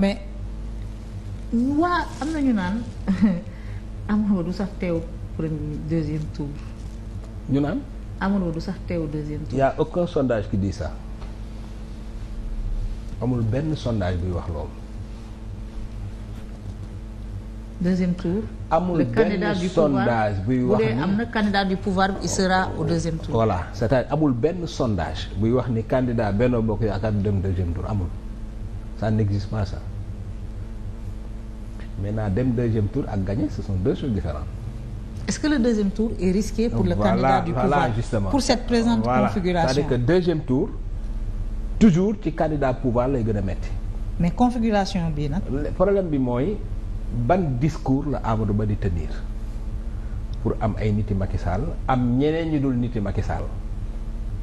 mais waa am na ñu naan Amadou du sax teew premier deuxième tour. ñu naan. Amadou du sax teew deuxième tour. y a aucun sondage qui dit ça amul benn sondage buy wax loolu. deuxième tour. amul benn sondage buy wax ni am na candidat du pouvoir il sera au deuxième tour. voilà amul benn sondage buy wax ni candidat Benno Bokk Yaakaar du dem deuxième tour amul. ça n'existe pas mais maintenant dem deuxième tour ak gagner ce sont deux choses différentes est-ce que le deuxième tour est risqué pour le voilà, candidat du voilà pouvoir justement. pour cette présente configuration c'est-à-dire que deuxième tour toujours ci candidat pouvoir lay gën a metti mais configuration bi nag problème bi mooy ban discours la Amadou Ba di tenir pour am ay niti Macky Sall am ñeneen ñi dul niti Macky Sall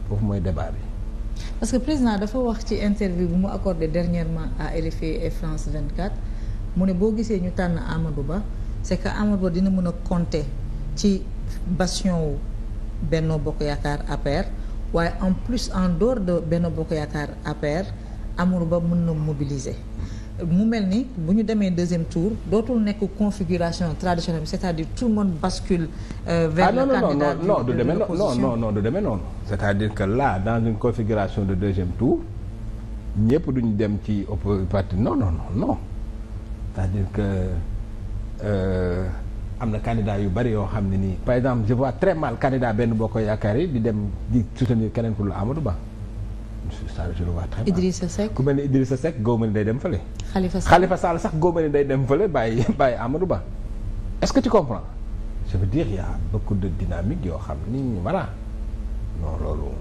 foofu mooy débat bi parce que président dafa wax ci interview bu mu accordé dernièrement à RFI et France 24 mu ne boo gisee ñu tànn Amadou Ba c'est que Amadou Ba dina mën a compter ci bastion wu Benno Bokk Yaakaar APR waaye en plus en dehors de Benno Bokk Yaakaar APR Amadou Ba mën na mobiliser mu mel ni bu ñu demee deuxième tour dootul nekk configuration traditionnelle c'est-à-dire tout le monde bascule euh, vers ah, non, le non, candidat non, non, de, de, de l'opposition c'est-à-dire que là dans une configuration de deuxième tour ñëpp duñu dem ci oppo parti non non non c'est-à-dire que euh, am na candidat yu bari yoo xam ne nii par exemple je vois très mal candidat benn boo ko yaakaar di dem di soutenir keneen pour la Amadou Ba ça je le vois très bien Idrissa Seck ku mel ni day dem fële. Khalifa Sall Khalifa Sall sax góob day dem fële bàyyi bàyyi Amadou Ba est-ce que tu comprends. je veux dire y a beaucoup de dynamique yoo xam ni voilà non loolu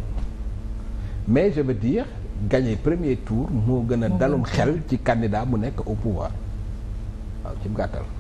mais je veux dire gagner premier tour moo gën a dalum xel ci candidat mu nekk au pouvoir waaw ci gàttal.